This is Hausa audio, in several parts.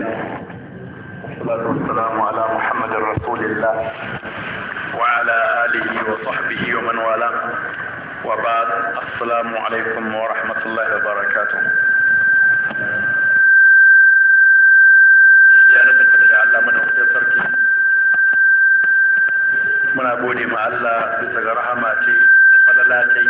الله والصلاة والسلام على محمد رسول الله وعلى آله وصحبه ومن والاه وبعد السلام عليكم ورحمة الله وبركاته ya na tabbata da Allah mana wajen sarki muna gode ma Allah bisa ga rahama ce falala ce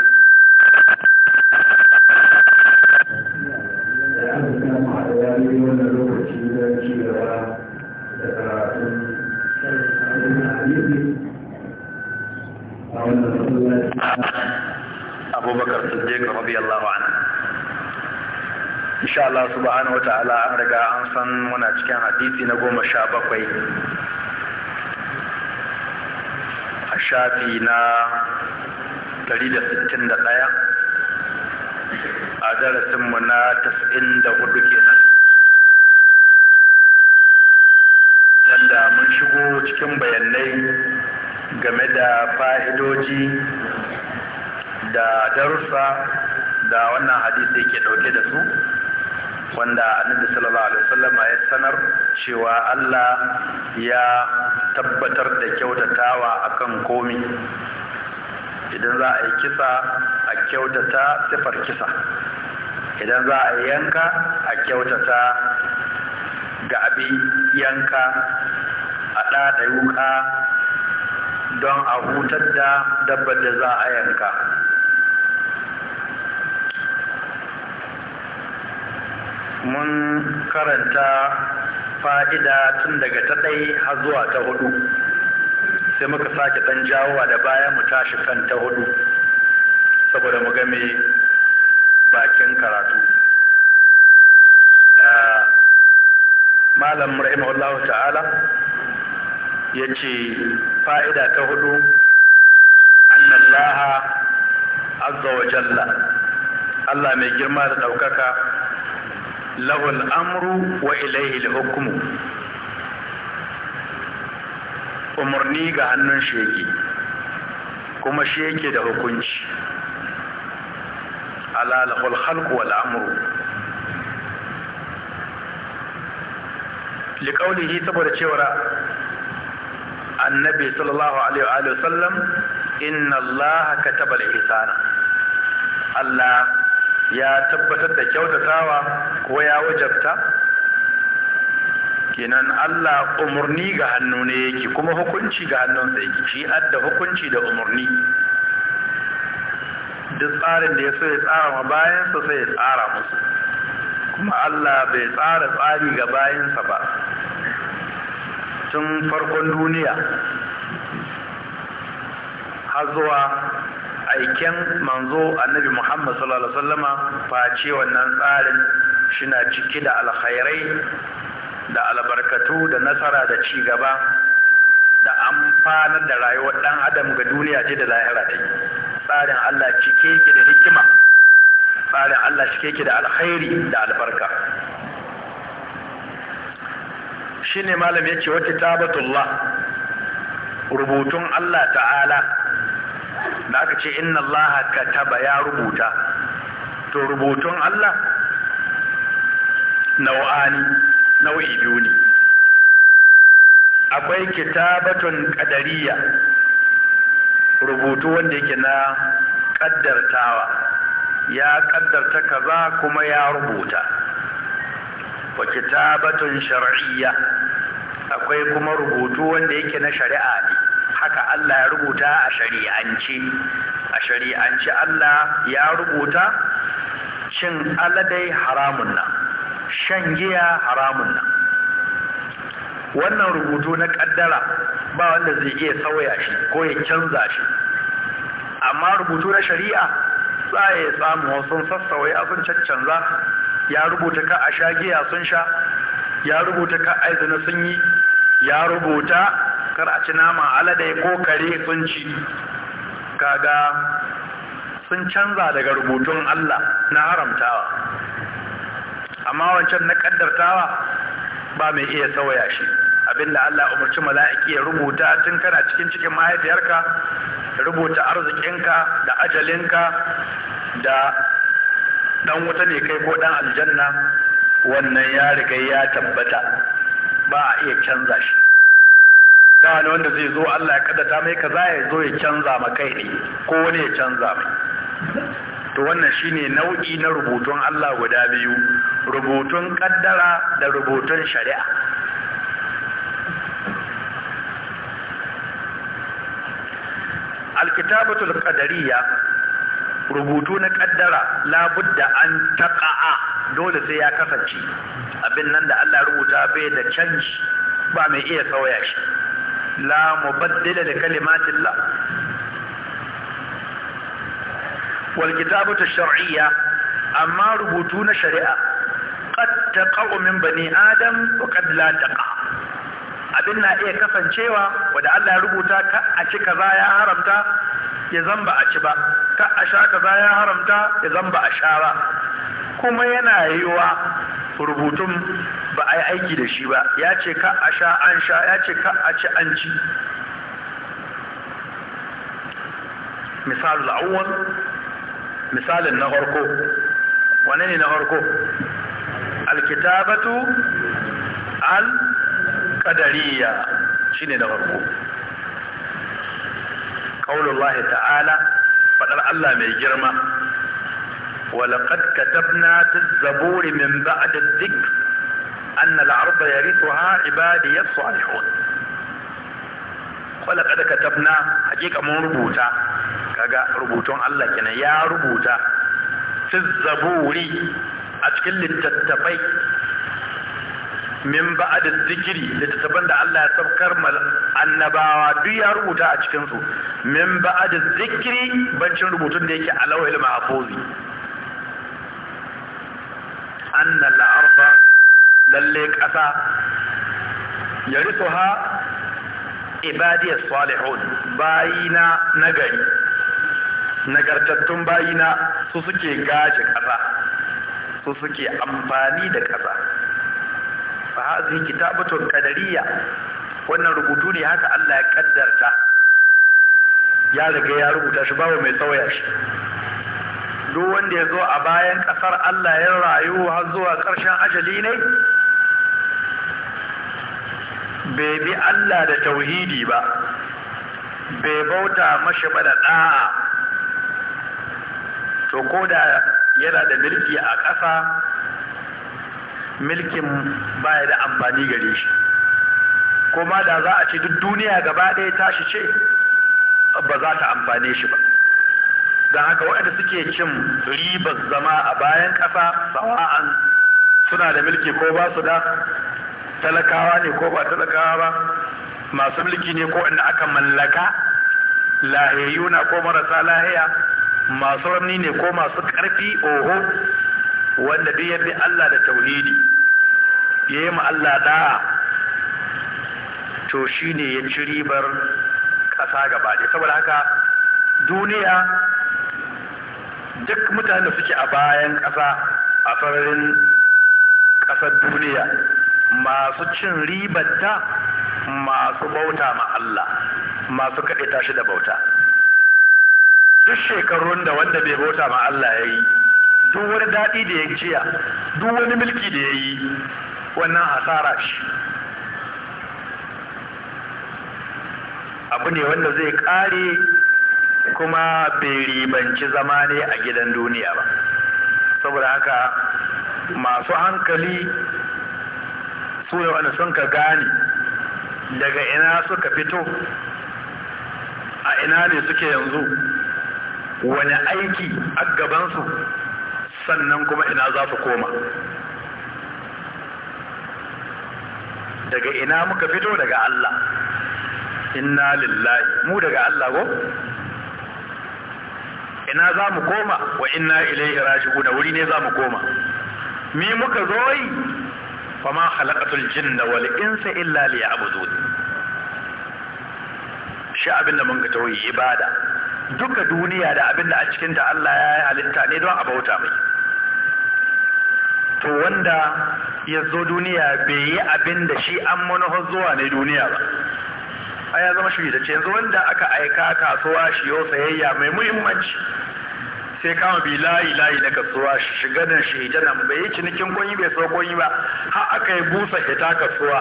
abubakar siddiq radiyallahu anhu insha Allah subhanahu wata'ala an riga an san muna cikin hadisi na goma sha bakwai a shafi na 161 a darasinmu na 94 kenan wanda mun shigo cikin bayanai game da fa'idoji da darussa da wannan hadisi yake dauke da su wanda annabi sallallahu alaihi wasallam ya sanar cewa Allah ya tabbatar da kyautatawa akan komi idan za a yi kisa a kyautata sifar kisa idan za a yi yanka a kyautata ga abi yanka a ɗaɗa yuka don a hutar da dabbar da za a yanka mun karanta fa'ida tun daga ta ɗai har zuwa ta hudu sai muka sake ɗan jawowa da baya mu tashi kan ta hudu saboda mu game bakin karatu ah, malam rahimahullahu ta'ala ya ce fa'ida ta hudu annallaha azza wa jalla Allah mai girma da ɗaukaka lahul amru wa ilaihi hukumu umarni ga hannun sheki kuma sheki da hukunci ala halku khalqu wal amru liƙaunihi saboda cewar annabi sallallahu alaihi wa sallam inna allaha kataba al-ihsana Allah ya tabbatar da kyautatawa ko ya wajabta kenan Allah umurni ga hannu ne yake kuma hukunci ga hannunsa yake shi adda hukunci da umurni duk tsarin da ya so ya tsara ma bayansa sai ya tsara musu kuma Allah bai tsara tsari ga bayansa ba tun farkon duniya har zuwa aiken manzo annabi Muhammad sallallahu alaihi wasallama face wannan tsarin shina cike da alkhairai da albarkatu da nasara da ci gaba da amfanar da rayuwar dan adam ga duniya ce da lahira dai tsarin Allah cike ki da hikima tsarin Allah cike ki da alkhairi da albarka shine malam ya ce wa tabatullah rubutun Allah ta'ala da aka ce inna allaha kataba ya rubuta to rubutun Allah nau'ani nau'i biyu ne akwai kitabatun kadariya rubutu wanda yake na kaddartawa ya kaddarta kaza kuma ya rubuta wa kitabatun shar'iyya akwai kuma rubutu wanda yake na shari'a haka Allah ya rubuta a shari'ance a shari'ance Allah ya rubuta cin aladai haramun nan shan giya haramun nan wannan rubutu na kaddara ba wanda zai iya sauya shi ko ya canza shi amma rubutu na shari'a za a iya samu sun sassauya sun caccanza ya rubuta ka a sha giya sun sha ya rubuta ka aizina sun yi ya rubuta kar a ci nama alade ko kare sun ci kaga sun canza daga rubutun Allah na haramtawa amma wancan na kaddartawa ba mai iya sauya shi abinda Allah umarci mala'iki ya rubuta tun kana cikin cikin mahaifiyarka rubuta arzikinka da ajalinka da dan wuta ne kai ko dan aljanna wannan ya riga ya tabbata ba a iya canza shi da wani wanda zai zo Allah ya kaddata mai za ya zo ya canza ma kai ne ko wani ya canza mai to wannan shine nau'i na rubutun Allah guda biyu rubutun kaddara da rubutun shari'a alkitabatul qadariyya rubutu na kaddara labudda an taqa'a dole sai ya kasance abin nan da Allah rubuta bai da canji ba mai iya sauya shi la mubaddila da kalima wal kitabatu shar'iyya amma rubutu na shari'a qad taqa'u min bani adam wa qad la taqa abin na iya kasancewa wanda Allah rubuta ka a ci kaza ya haramta ya zamba a ci ba ka a sha kaza ya haramta ya zamba a sha kuma yana yiwa rubutun ba a yi aiki da shi ba ya ce ka a sha an sha ya ce ka a ci an ci misalul awwal misalin na harko wane ne na harko alkitabatu al-qadariya shine na harko qaulullahi ta'ala fadar Allah mai girma ولقد كتبنا في الزبور من بعد الذكر أن الأرض يرثها عبادي الصالحون ولقد كتبنا حقيقة من ربوتا كاقا ربوتون الله كنا يا ربوتا في الزبور أتكل التتفي من بعد الذكر لتتبن دا الله يتبكر مل النباوة دي يا ربوتا أتكنسو من بعد الذكر بنشن ربوتون ديكي على وهل معفوزي أن الأرض lalle ƙasa ya riso ha ibadiyar salihun bayina nagari nagartattun bayina su suke gaji ƙasa su suke amfani da ƙasa fa hazi kitabatun qadariyya wannan rubutu ne haka Allah ya kaddarta ya riga ya rubuta shi babu mai tsawaya shi duk wanda ya zo a bayan ƙasar Allah ya rayu har zuwa ƙarshen ajali ne bai bi Allah da tauhidi ba bai bauta mashi ba da ɗa'a to ko da yana da milki a ƙasa milkin baya da amfani gare shi kuma da za a ce duk duniya gaba ɗaya tashi ce ba za ta amfane shi ba don haka waɗanda suke cin ribar zama a bayan ƙasa sawa'an suna da milki ko ba su da talakawa ne ko ba talakawa ba masu mulki ne ko inda aka mallaka lahiyuna ko marasa lahiya masu ramni ne ko masu ƙarfi oho wanda duk yabi Allah da tauhidi ya yi Allah da'a to shi ne ya ci ribar ƙasa gaba ɗaya saboda haka duniya duk mutane da suke a bayan ƙasa a sararin ƙasar duniya masu cin ribarta masu bauta ma Allah masu kaɗe tashi da bauta duk shekarun da wanda bai bauta ma Allah ya yi duk wani daɗi da ya jiya duk wani mulki da ya yi wannan hasara shi abu ne wanda zai ƙare kuma bai ribanci zama ne a gidan duniya ba saboda haka masu hankali su ana son ka gane daga ina suka fito a ina ne suke yanzu wani aiki a gabansu sannan kuma ina za su koma daga ina muka fito daga Allah inna lillahi mu daga Allah ko ina za mu koma wa inna ilaihi raji'un wuri ne za mu koma mi muka zo yi fama halakatul jinna wal insa illa liya'budun shi abinda mun ga tauyi ibada duka duniya da abinda a cikin ta Allah ya yi halitta ne don a bauta mai to wanda ya zo duniya bai yi abinda shi an manufar zuwa ne duniya ba a ya zama shi da yanzu wanda aka aika kasuwa shi yau sayayya mai muhimmanci sai kama bi layi layi na kasuwa shiga nan shi hita nan bai yi cinikin kunyi bai so kunyi ba har aka yi busa hita kasuwa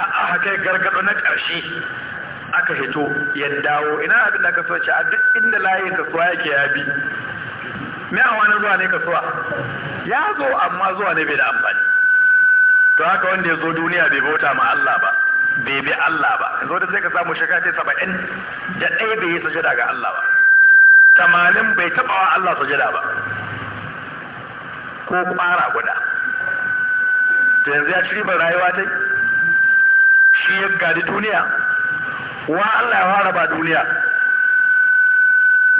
har aka kai gargaɗo na ƙarshe aka hito ya dawo ina abin da aka so ce a duk inda layin kasuwa yake ya bi me a wani zuwa ne kasuwa ya zo amma zuwa ne bai da amfani to haka wanda ya zo duniya bai bauta ma Allah ba bai bi Allah ba yanzu da sai ka samu shekara 70 da ɗaya bai yi sajada ga Allah ba tamanin bai taɓa wa Allah sujada ba ko ƙwara guda to yanzu ya ci ribar rayuwa ta shi ya gadi duniya wa Allah ya fara ba duniya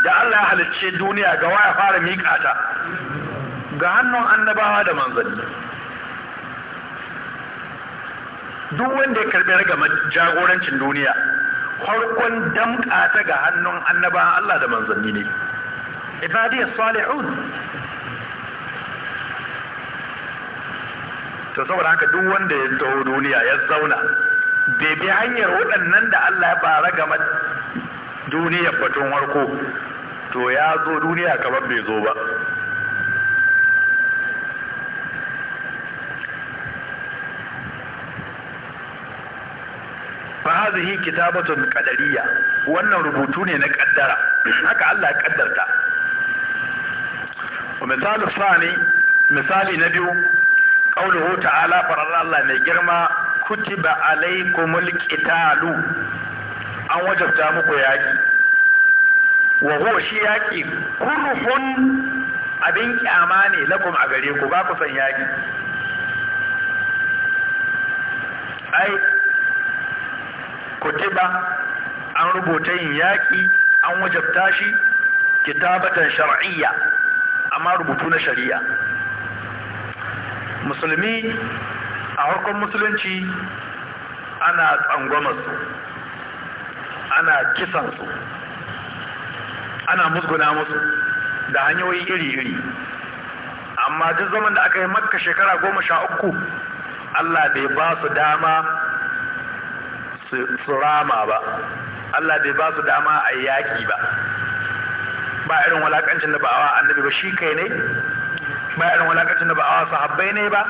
da Allah ya halicce duniya ga wa ya fara miƙa ta ga hannun annabawa da manzanni duk wanda ya karɓi ragamar jagorancin duniya farkon damƙa ta ga hannun annaba Allah da manzanni ne Ibadiyar salihun to saboda haka duk wanda ya taho duniya ya zauna bai bi hanyar waɗannan da Allah ya bara gama duniya batun warko to ya zo duniya kamar bai zo ba hazihi kitabatun qadariyya wannan rubutu ne na kaddara haka Allah ya kaddarta wa misalu sani misali na biyu qauluhu ta'ala faralla Allah mai girma kutiba alaikumul qitalu an wajabta muku yaki wa huwa shi yaki kurhun abin kyama ne lakum a gare ku ba ku san yaki ai kutiba an rubuta yin yaƙi an wajabta shi kitabatan shar'iyya amma rubutu na shari'a musulmi a harkar musulunci ana tsangwamarsu ana kisansu ana musguna musu da hanyoyi iri-iri amma duk zaman da aka yi makka shekara goma sha uku Allah bai ba su dama su rama ba Allah bai ba su dama a yi yaƙi ba ba irin walakancin da ba'awa annabi ba shi kai ne ba irin walakancin da ba'awa sahabbai ne ba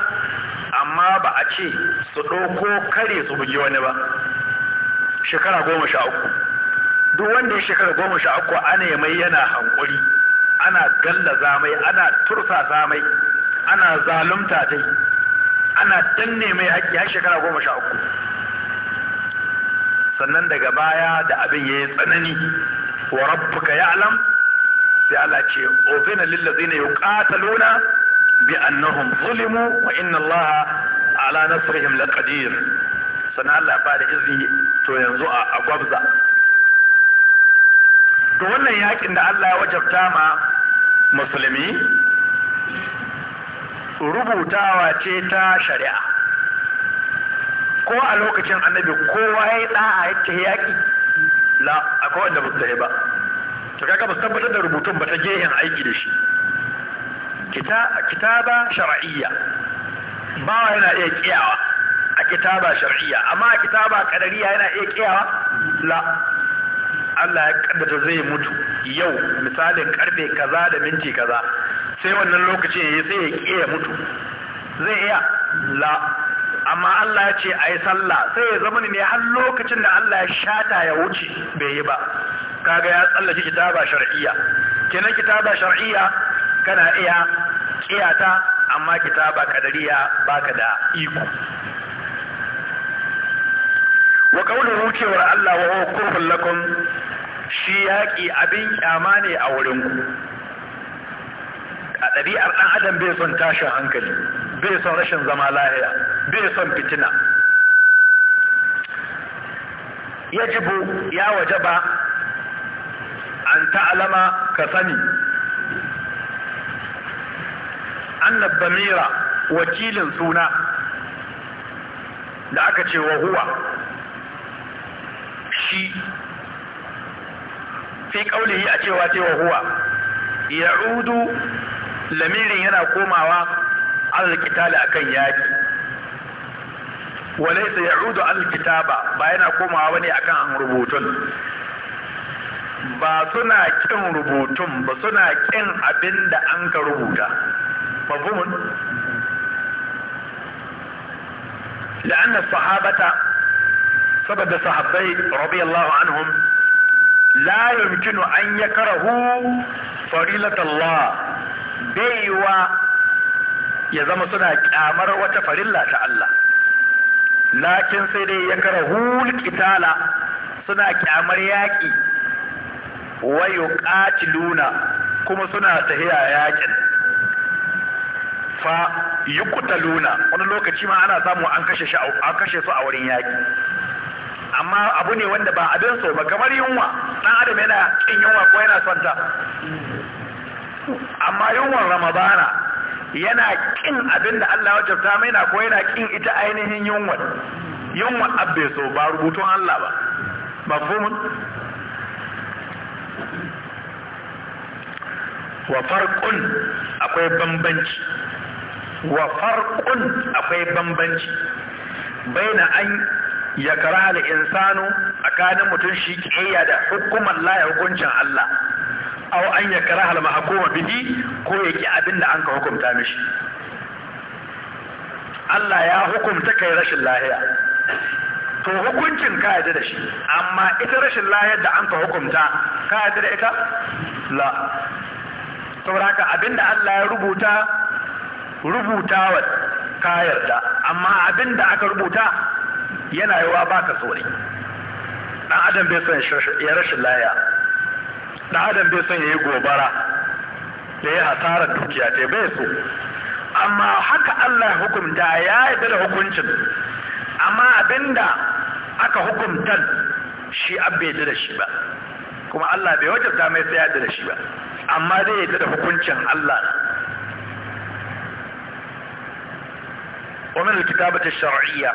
amma ba a ce su ɗauko kare su bugi wani ba shekara goma sha uku duk wanda ya shekara goma sha uku ana mai yana hankuri ana galla zamai ana tursa zamai ana zalumta dai ana danne mai haƙƙi har shekara goma sha uku sannan daga baya da abin ya yi tsanani wa rabbuka ya'lam sai Allah ce uzina lil ladzina yuqataluna bi annahum zulimu wa inna Allah ala nasrihim laqadir sannan Allah ba da izini to yanzu a gwabza to wannan yakin da Allah ya wajabta ma musulmi rubutawa ce ta shari'a ko a lokacin annabi kowa ya yi a ya ce yaƙi la akwai wanda ba su ba to kaga ba su tabbatar da rubutun ba ta gehen aiki da shi kitaba shar'iyya bawa yana iya kiyawa a kitaba shar'iyya amma a kitaba kadariya yana iya kiyawa la Allah ya kaddata zai mutu yau misalin karfe kaza da minti kaza sai wannan lokacin ya sai ya kiyaye mutu zai iya la amma Allah ya ce a yi sallah sai ya zama ne har lokacin da Allah ya shata ya wuce bai yi ba kaga ya tsallaki kitaba shar'iyya kenan kitaba shar'iyya kana iya kiyata amma kitaba kadariya baka da iko wa qawluhu wucewar Allah wa huwa kurhul lakum shi yaki abin kyama ne a wurin ku a ɗabi'ar ɗan adam bai son tashin hankali bai son rashin zama lahiya bai son fitina yajibu ya wajaba an ta'alama ka sani annab damira wakilin suna da aka ce wa huwa shi fi kaulihi a cewa ce wa huwa ya'udu lamirin yana komawa alal qitali akan yaki walaysa ya'udu alkitaba kitaba ba yana komawa ne akan rubutun ba suna kin rubutun ba suna kin abin da an ka rubuta mafhumun la'anna sahabata saboda sahabbai radiyallahu anhum la yumkinu an yakrahu farilat Allah baiwa ya zama suna kyamar wata farilla ta Allah lakin sai dai ya kara hulƙitala suna kyamar yaƙi wa luna kuma suna tahiya yaƙin fa yuqtaluna wani lokaci ma ana samu an kashe su a wurin yaƙi amma abu ne wanda ba abin so ba kamar yunwa dan adam yana kin yunwa ko yana santa amma yunwan ramadana yana kin abin da Allah ya wajabta mai na ko yana kin ita ainihin yunwa yunwa abbe so ba rubutun Allah ba mafhumun wa farqun akwai bambanci wa farqun akwai bambanci baina an ya al insanu tsakanin mutum shi kiyaya da hukuman la hukuncin Allah aw an halama a koma bihi ko ya abin da an ka hukumta mishi Allah ya hukumta kai rashin lahiya to hukuncin ka yadda da shi amma ita rashin lahiyar da an ka hukumta, ka yadda da ita la sauraka abin abinda Allah ya rubuta rubutawa ka yarda amma abinda aka rubuta yana yawa baka so ne dan adam bai son ya rashin lahiya da adam bai son ya yi gobara da ya hasarar dukiya ta bai so amma haka Allah hukunta ya yi da hukuncin amma abinda aka hukunta shi abbe da shi ba kuma Allah bai wajabta mai sai ya da shi ba amma dai ya da hukuncin Allah ومن الكتابة الشرعية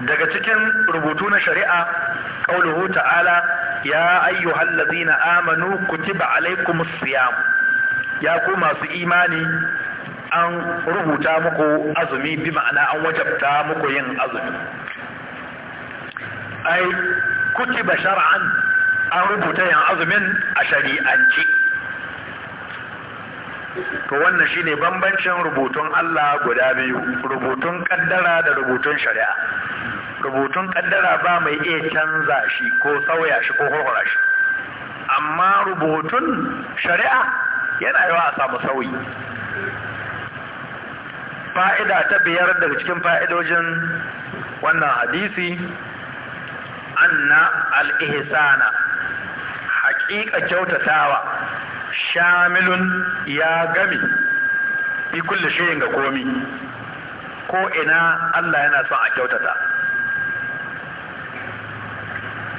daga cikin rubutu na shari'a qauluhu ya ayyuhal ladzina amanu kutiba alaikumus siyam ya ku masu imani an rubuta muku azumi bi ma'ana an wajabta muku yin azumi ai kutiba shar'an an rubuta yin azumin a shari'anci to wannan shine bambancin rubutun Allah guda biyu rubutun kaddara da rubutun shari'a rubutun kaddara ba mai iya canza shi ko sauya shi ko horhora shi amma rubutun shari'a yana yawa a samu sauyi fa'ida ta biyar daga cikin fa'idojin wannan hadisi anna alihisana haƙiƙa kyautatawa shamilun ya gami bi kulle shirin ga komi ko ina Allah yana son a kyautata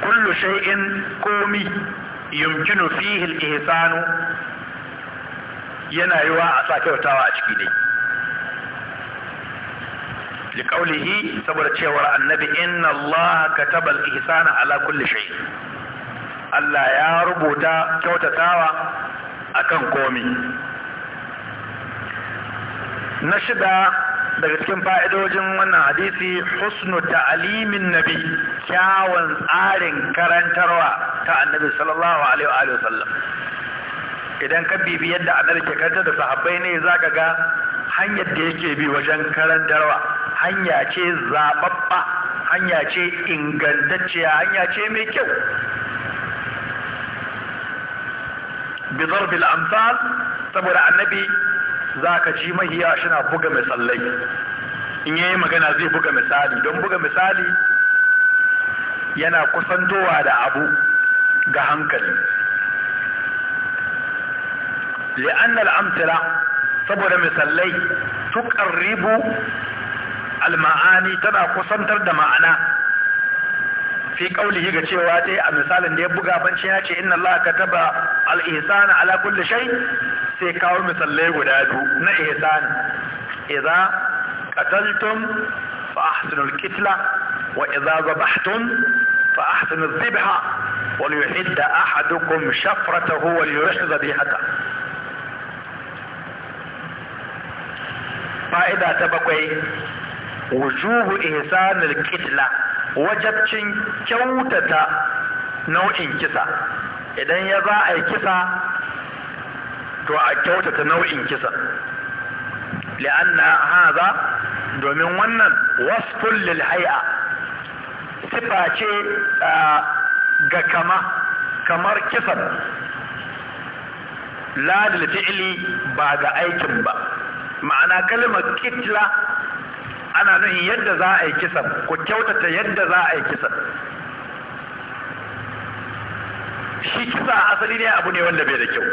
kullu shay'in komi yumkinu fihi al-ihsanu yana yiwa a sa kyautawa a ciki ne liqaulihi saboda cewar annabi inna allaha kataba al-ihsana ala kulli Allah ya rubuta kyautatawa akan komi na shiga. daga cikin fa'idojin wannan hadisi husnu ta'alimin nabi kyawun tsarin karantarwa ta annabi sallallahu alaihi wa sallam idan ka bibi yadda annabi ke karanta da sahabbai ne zaka ga hanyar da yake bi wajen karantarwa hanya ce zababba hanya ce ingantacciya hanya ce mai kyau bi darbil amsal saboda annabi za ka ji mahiya shina buga misalai in yayi magana zai buga misali don buga misali yana kusantowa da abu ga hankali li'annal amtila saboda misalai tuqarribu al-ma'ani tana kusantar da ma'ana fi kaulihi ga cewa dai a misalin da ya buga banci ya ce inna Allah ka al-ihsana ala kulli shay sai kawo misalai guda biyu na ihsan idza qataltum fa ahsinul kitla wa idza zabahtum fa ahsinuz dhabha wa yuhidda ahadukum shafratahu wa yurih dhabihata fa'ida ta bakwai wujuhu ihsanil kitla wajabcin kyautata nau'in kisa idan ya za a yi kisa to a kyautata nau'in kisa li'anna haza domin wannan wasfun lil hay'a sifa ce ga kama kamar kisan la lil fi'li ba ga aikin ba ma'ana kalmar kitla ana nuhin yadda za a yi kisan ku kyautata yadda za a yi kisan shi kisa asali ne abu ne wanda bai da kyau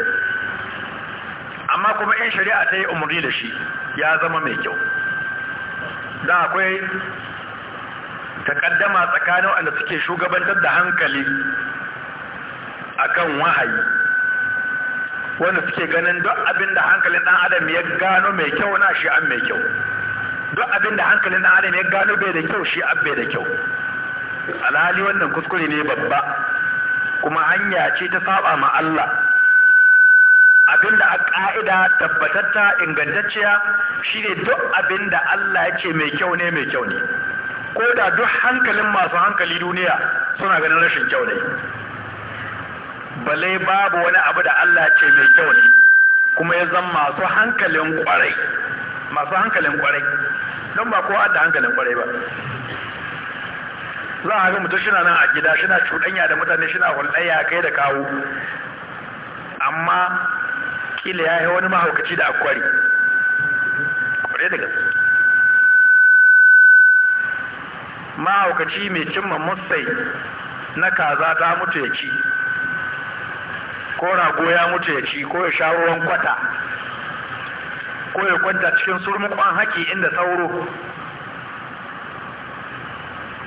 amma kuma in shari'a ta yi umarni da shi ya zama mai kyau da akwai takaddama tsakanin wanda suke shugabantar da hankali akan wahayi wanda suke ganin duk abin da hankalin ɗan adam ya gano mai kyau na shi an mai kyau duk abin da hankalin ɗan adam ya gano bai da kyau shi an bai da kyau alhali wannan kuskure ne babba kuma hanya ce ta saba ma Allah Abin da a ƙa'ida tabbatatta ingantacciya shi ne duk abin da Allah ya ce mai kyau ne mai kyau ne ko da duk hankalin masu hankali duniya suna ganin rashin kyau ne balai babu wani abu da Allah ce mai kyau ne kuma ya zama masu hankalin kwarai masu hankalin kwarai don ba kowa da hankalin kwarai ba za a ga mutum shina nan a gida shina cuɗanya da mutane shina hulɗaya kai da kawo amma kila ya yi wani mahaukaci da akwari kwarai da gaske mahaukaci mai cimma musai na kaza ta mutu ya ci ko rago ya mutu ya ci ko ya sha ruwan kwata ko ya kwanta cikin surmukon haki inda sauro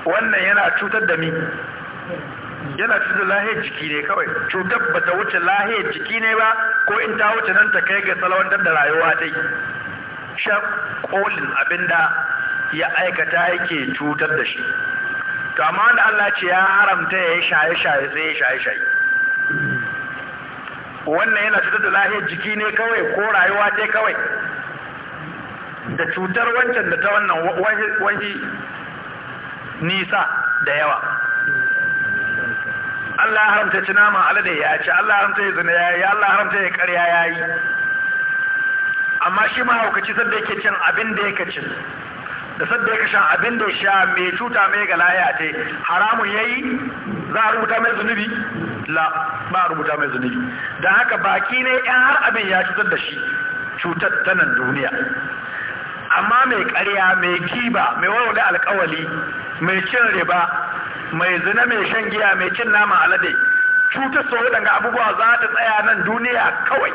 wannan yana cutar da mi yana cutar lahiyar jiki ne kawai cutar ba ta wuce lahiyar jiki ne ba ko in ta wuce nan ta kai ga salawantar da rayuwa dai shan kolin abinda ya aikata yake cutar da shi to amma wanda Allah ce ya haramta ya yi shaye-shaye sai ya shaye-shaye wannan yana cutar da lahiyar jiki ne kawai ko rayuwa ce kawai da cutar wancan da ta wannan wani nisa da yawa Allah ya haramta ci naman alade ya ci Allah haramta ya zina ya yi Allah haramta ya karya ya yi amma shi ma haukaci sadda yake cin abin da yake cin da sadda yake shan abin da sha mai cuta mai ga laya yi. haramun yayi za a rubuta mai zunubi la ba a rubuta mai zunubi Da haka baki ne yan har abin ya cutar da shi cutar ta nan duniya amma mai karya mai kiba mai wani alkawali mai cin riba mai zina mai shan giya mai cin nama alade cutar sau daga abubuwa za ta tsaya nan duniya kawai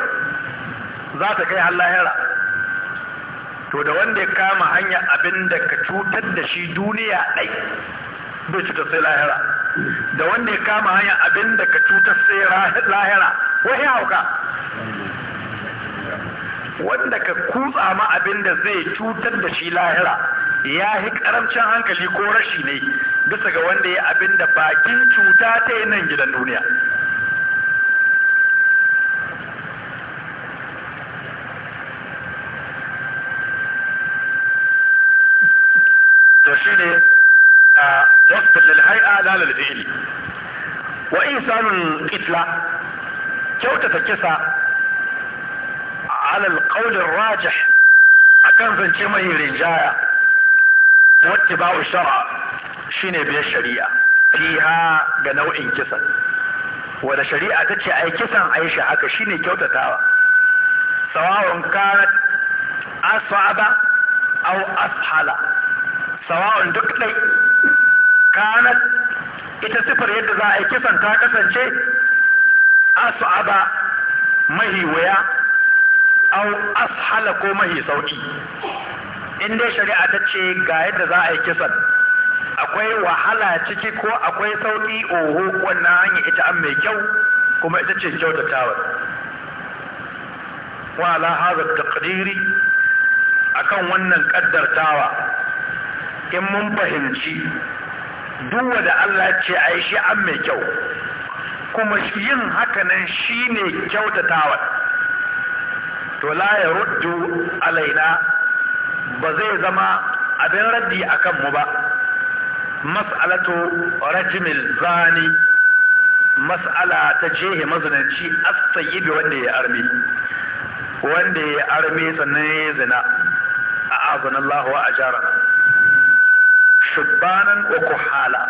za ta kai lahira to da wanda ya kama hanya abin da ka cutar da shi duniya ɗai bai cutar sai lahira da wanda ya kama hanya abin da ka cutar sai lahira wai hauka wanda ka kutsa ma abin da zai cutar da shi lahira ya yi karamcin hankali ko rashi ne bisa ga wanda ya abin da bakin cuta ta yi nan gidan duniya to shi ne a wasu lalhai a lalal fi'ili wa insanun kitla kyautata kisa alal qawlin rajih akan zance mai rinjaya wattiba'u shar'a ne biyar shari'a ha ga nau'in kisan wanda shari'a ta ce ai kisan haka shi haka shine kyautatawa sawa'un kanat asaba aw ashala sawa'un duk dai karat ita sifar yadda za a yi kisan ta kasance asaba mahi wuya aw ashala ko mahi sauki in dai shari'a ta ce ga yadda za a yi kisan akwai wahala ciki ko akwai sauƙi oho wannan hanya ita an mai kyau kuma ita ce kyautatawa wa ala hadha taqdiri akan wannan kaddartawa in mun fahimci duk wanda Allah ce ai shi an mai kyau kuma yin hakanan nan shine kyautatawa to la yaruddu alaina ba zai zama abin raddi a kanmu ba mas'alatu rajimil zani mas'ala ta jehe mazinanci as bi wanda ya arme wanda ya arme sannan ya zina a azanallahu a jara shubbanan uku hala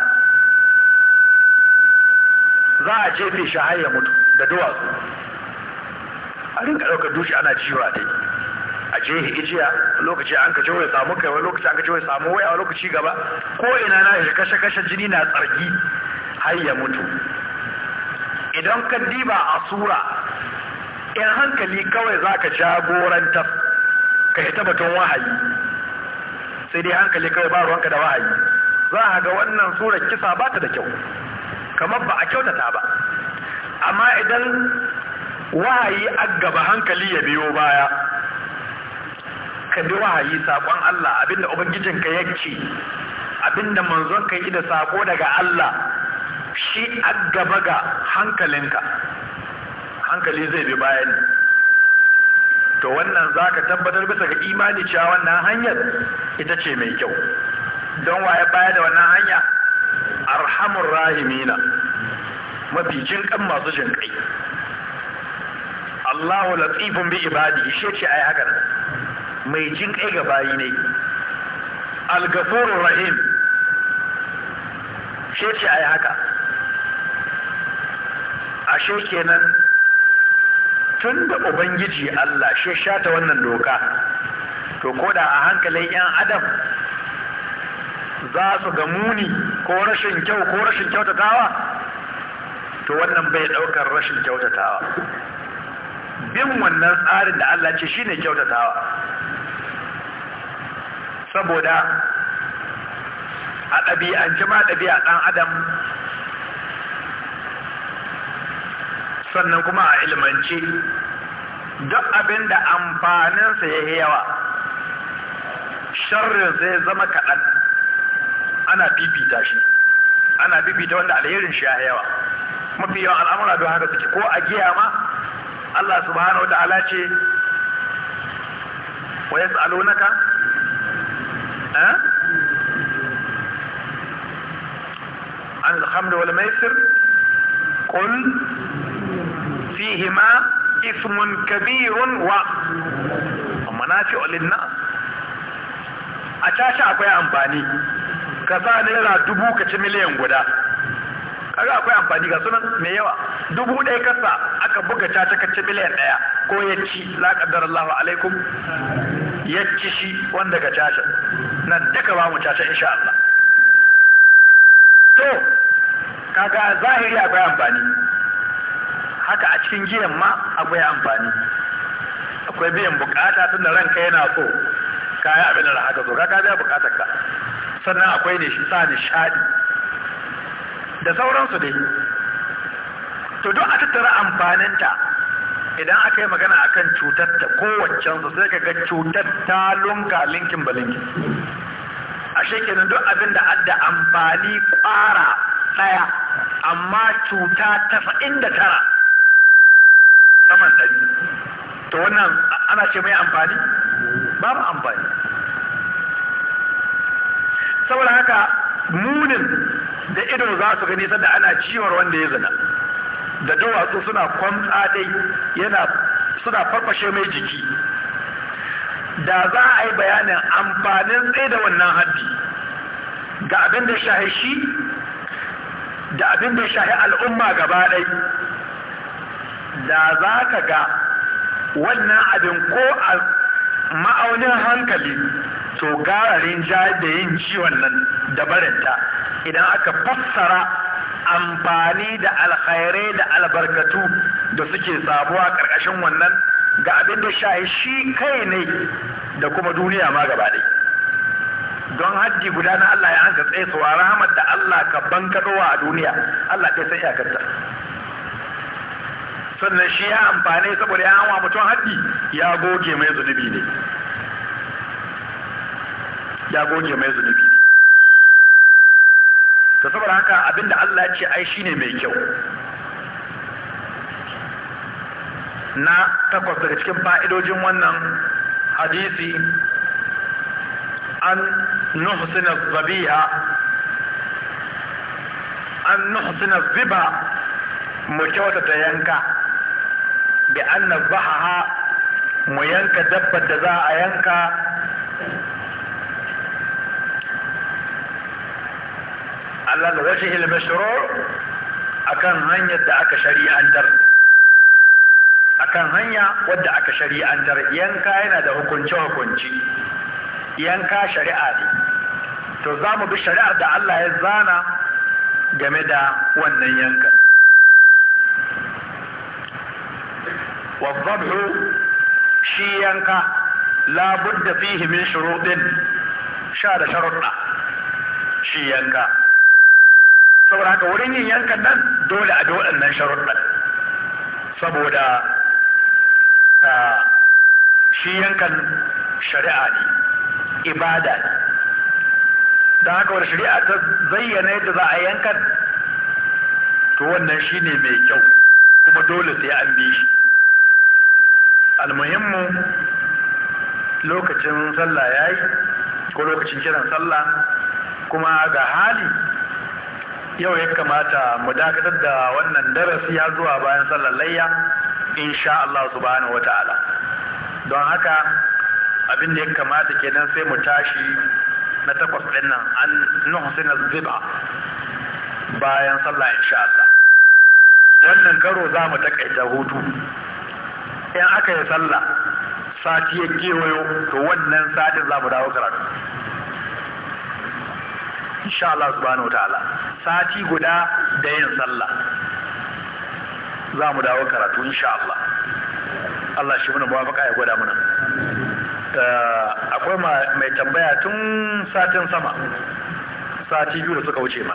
za a jefe shi har ya mutu da duwatsu a rinka ɗaukar dushi ana ciwa dai a jihin igiya lokaci an ka jihohi samu kai wani lokaci an ka jihohi samu wai a lokaci gaba ko ina na shi kashe kashe jini na tsargi har ya mutu idan ka diba a sura in hankali kawai za ka jagoranta ka yi batun wahayi sai dai hankali kawai ba ruwanka da wahayi za a ga wannan surar kisa ba ta da kyau kamar ba a kyautata ba amma idan wahayi a gaba hankali ya biyo baya ka bi wahayi saƙon Allah abinda ubangijinka yake abinda manzon ka yi da saƙo daga Allah shi aggaba ga hankalinka hankali zai bi bayan to wannan za ka tabbatar bisa ga imani cewa wannan hanyar ita ce mai kyau don waye baya da wannan hanya arhamur rahimina mafi jinƙan masu jinƙai Allahu latifun bi ibadi shi ce ai haka mai jin kai ga bayi ne algafurur rahim shi ce ai haka ashe kenan tun da ubangiji Allah shi shata wannan doka to koda a hankalin yan adam za su ga muni ko rashin kyau ko rashin kyautatawa to wannan bai daukar rashin kyautatawa bin wannan tsarin da Allah ce shine kyautatawa saboda a ɗabi'ance ma ɗabi'a ɗan adam sannan kuma a ilmanci duk abin da amfaninsa ya yawa sharrinsa ya zama kaɗan ana bibita shi ana bibita wanda alherin shi ya yawa mafi yawan al'amura don haka suke ko a giya ma Allah subhanahu wa ta'ala ce wa yas'alunaka عن الخمر والميسر قل فيهما اسم كبير و ومنافع للناس a tashi akwai amfani ka sa naira dubu ka ci miliyan guda kaga akwai amfani ga sunan mai yawa dubu ɗaya kasa aka buga caca ka ci miliyan ɗaya ko ya ci la kaddar Allahu alaikum ya ci shi wanda ka caca nan duka ba mu caca insha Allah to kaga zahiri akwai amfani haka a cikin giyan ma akwai amfani akwai biyan bukata tunda ranka yana so kaya abin da haka so kaga biya bukatar ka sannan akwai ne shi sa nishadi da sauransu dai to duk a tattara amfaninta idan aka yi magana akan cutar ta kowaccen su sai kaga cutar ta lunka linkin ba a shekenan duk abin da adda amfani kwara daya amma cuta fa'in da tara saman ɗari to wannan ana ce mai amfani babu amfani saboda haka munin da ido za su gani sadda ana ciwar wanda ya zina da duwatsu suna kwamtsa dai yana suna farfashe mai jiki da za a yi bayanin amfanin tsaye da wannan haddi ga abin da shahi shi da abin da shahi al'umma gaba ɗai da za ka ga wannan abin ko a ma'aunin hankali to gararin jayar da yin ciwon nan da barinta idan aka fassara amfani da alkhairai da albarkatu da suke sabuwa ƙarƙashin wannan ga abin da shahi shi kai ne da kuma duniya ma gaba ɗaya don haddi guda na Allah ya hanka tsaye su rahamar da Allah ka bankaɗowa a duniya Allah ɗaya sai iyakarta sannan shi ya amfani saboda ya hawa mutum haddi ya goge mai zunubi ne ya goge mai zunubi to saboda haka abinda Allah ya ce ai shine mai kyau na takwas daga cikin fa'idojin wannan hadisi an nuhsina zabiha an ziba mu kyauta ta yanka bi anna zahaha mu yanka dabbar da za a yanka zai على shiro, a kan hanyar da aka shari'antar a kan hanya wadda aka shari'antar yanka yana da hukunci hukunci yanka shari'a ne to za mu bi shari'ar da Allah ya zana game da wannan yankan. wazzabhu shi yanka labudda fihimin min shuruɗin sha da sharuɗa shi yanka saboda haka wurin yin yankan nan dole a bi waɗannan sharuɗan saboda shi yankan shari'a ne ibada ne don haka wani shari'a ta zayyana yadda za a yankan to wannan shi ne mai kyau kuma dole sai an bi shi almuhimmu lokacin sallah ya yi ko lokacin kiran sallah kuma ga hali yau ya kamata mu dakatar da wannan darasi ya zuwa bayan sallar layya insha Allah subhanahu ta'ala don haka abin da ya kamata kenan sai mu tashi na takwas ɗin nan an suna zuba bayan sallah insha Allah wannan karo za mu takaita hutu in aka yi sallah sati ya kewayo to wannan satin za mu dawo karatu insha Allah subhanahu ta'ala sati guda da yin sallah za mu dawo karatu insha Allah Allah shi muna muwafaka ya gwada muna eh, akwai mai tambaya tun satin sama sati biyu da suka wuce ma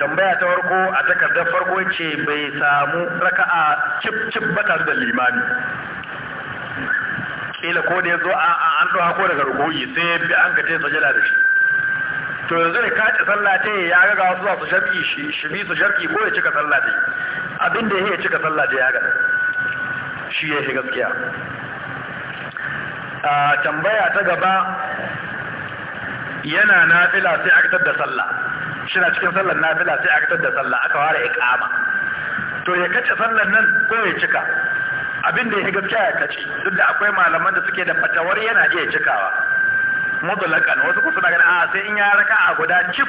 tambaya ta farko a takardar farko ce bai samu raka'a cip cip ba tare da limami kila ko da ya zo an ɗauka ko daga rukuyi sai bi an ka sajada da shi to yanzu ne kaci sallah ta yi ya ga wasu su sharki shi bi su sharki ko ya cika sallah ta yi abin da ya cika sallah ta ya ga shi ya shi gaskiya a tambaya ta gaba yana nafila sai aka da sallah shi na cikin sallar nafila sai aka da sallah aka fara kama to ya kace sallar nan ko ya cika abin da ya gaskiya ya kaci duk da akwai malaman da suke da fatawar yana iya cikawa mutlaqan wasu ku suna ganin a ah, sai in ya raka a guda cif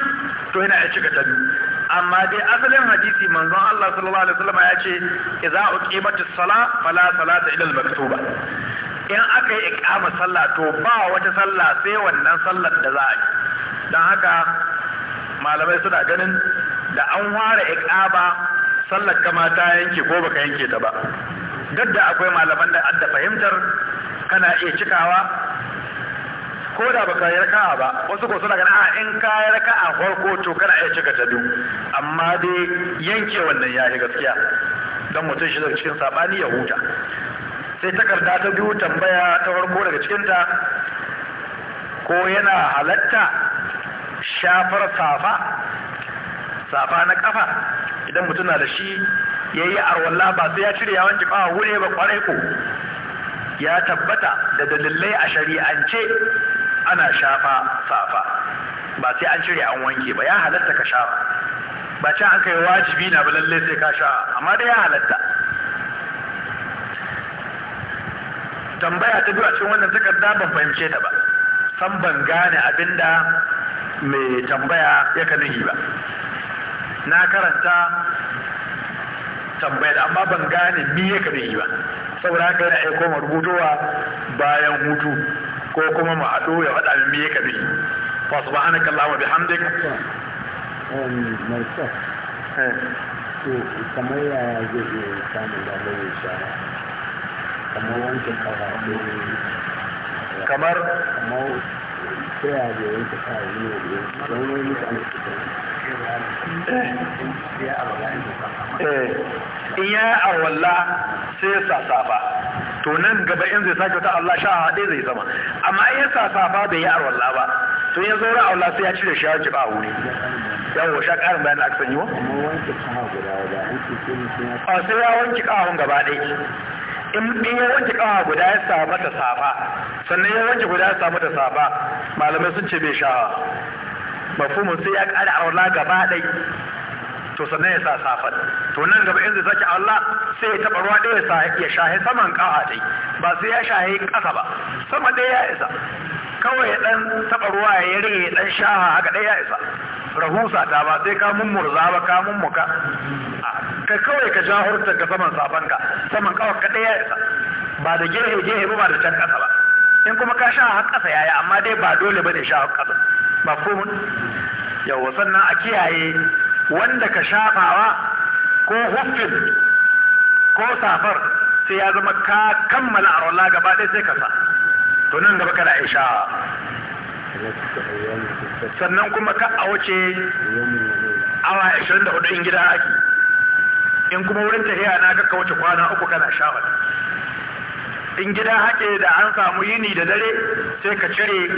to yana ya cika ta biyu amma dai asalin hadisi manzon Allah sallallahu alaihi wasallam ya ce idza uqimatis sala fala salata ila al-maktuba in aka yi iqama sallah to ba wata sallah sai wannan sallar da za a yi dan haka malamai suna ganin da an ware iqaba sallar kama ta yanke ko baka yanke ta ba duk da akwai malaman da adda fahimtar kana iya cikawa ko da baka yi raka'a ba wasu ko suna ganin a in ka yi raka'a farko to kana iya cika ta biyu amma dai yanke wannan yayi gaskiya dan mutum shi daga cikin sabani ya huta sai takarda ta biyu tambaya ta farko daga ta ko yana halatta shafar safa safa na kafa idan mutum na da shi ya yi arwalla ba sai ya cire yawan jifa wuri ba kwarai ko ya tabbata da dalilai a shari'ance ana shafa safa ba sai an cire an wanke ba ya halatta ka shafa ba ce an kai wajibi na ba lalle sai ka sha amma dai ya halatta tambaya ta biyu a cikin wannan takarda ban fahimce ta ba san ban gane abinda mai tambaya ya ka nuhi ba na karanta tambaya da amma ban gane mi ya ka nuhi ba saboda haka yana aiko marubutowa bayan hutu ko kuma mu haɗu ya faɗa min me ya kabi fa subhanaka allahumma bihamdik to kamar yaya zai iya samun damar yin shara kamar wanke kafa ko kamar kamar ta yaya zai wanke kafa ne don wani mutane su in ya arwalla sai ya sa safa to nan gaba in zai sake wata Allah sha haɗe zai zama amma in yasa safa bai yi arwalla ba to ya zaura Allah sai ya cire shi ya jiba a wuri yawo sha ƙarin bayan aka sanyi wa? a sai ya wanke ƙahon gaba ɗaya in ya wanke ƙawa guda ya sa mata safa sannan ya wanke guda ya sa mata safa malamai sun ce bai sha mafumin sai ya ƙara arwalla gaba ɗaya to sannan ya sa safan to nan gaba in zai Allah sai ya taɓa ruwa ɗaya sa ya shahe saman ƙafa dai ba sai ya shahe ƙasa ba sama ɗaya ya isa kawai ya ɗan taɓa ruwa ya rage ya ɗan shaha haka ɗaya ya isa rahusa ta ba sai ka murza ba ka mummuka ka kawai ka ja hurtar ka saman safanka saman ƙafa ka ɗaya ya isa ba da gehe gehe ba da can ƙasa ba in kuma ka sha har ƙasa yaya amma dai ba dole ba ne sha ƙasa ba komai yawa sannan a kiyaye wanda ka shafawa ko huffin ko safar sai ya zama ka kammala a rola gaba ɗaya sai ka sa to nan gaba kana isha sannan kuma ka a wuce awa 24 in gida ake in kuma wurin tafiya na ka wuce kwana uku kana shafa in gida haƙe da an samu yini da dare sai ka cire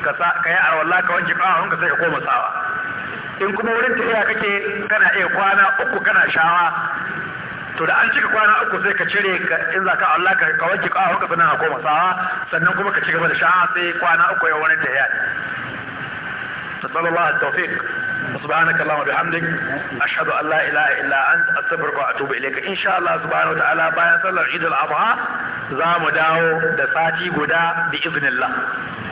ka yi a ka wanke kawahun ka sai ka koma sawa in kuma wurin tafiya kake kana iya kwana uku kana shawa to da an cika kwana uku sai ka cire in za ka Allah ka wanke ka haka sannan a koma sawa sannan kuma ka ci gaba da shawa sai kwana uku ya wurin tafiya نسأل الله التوفيق سبحانك اللهم وبحمدك أشهد أن لا إله إلا أنت أستغفرك وأتوب إليك إن شاء الله سبحانه وتعالى بايا صلى عيد الأضحى زام داو دساتي غدا بإذن الله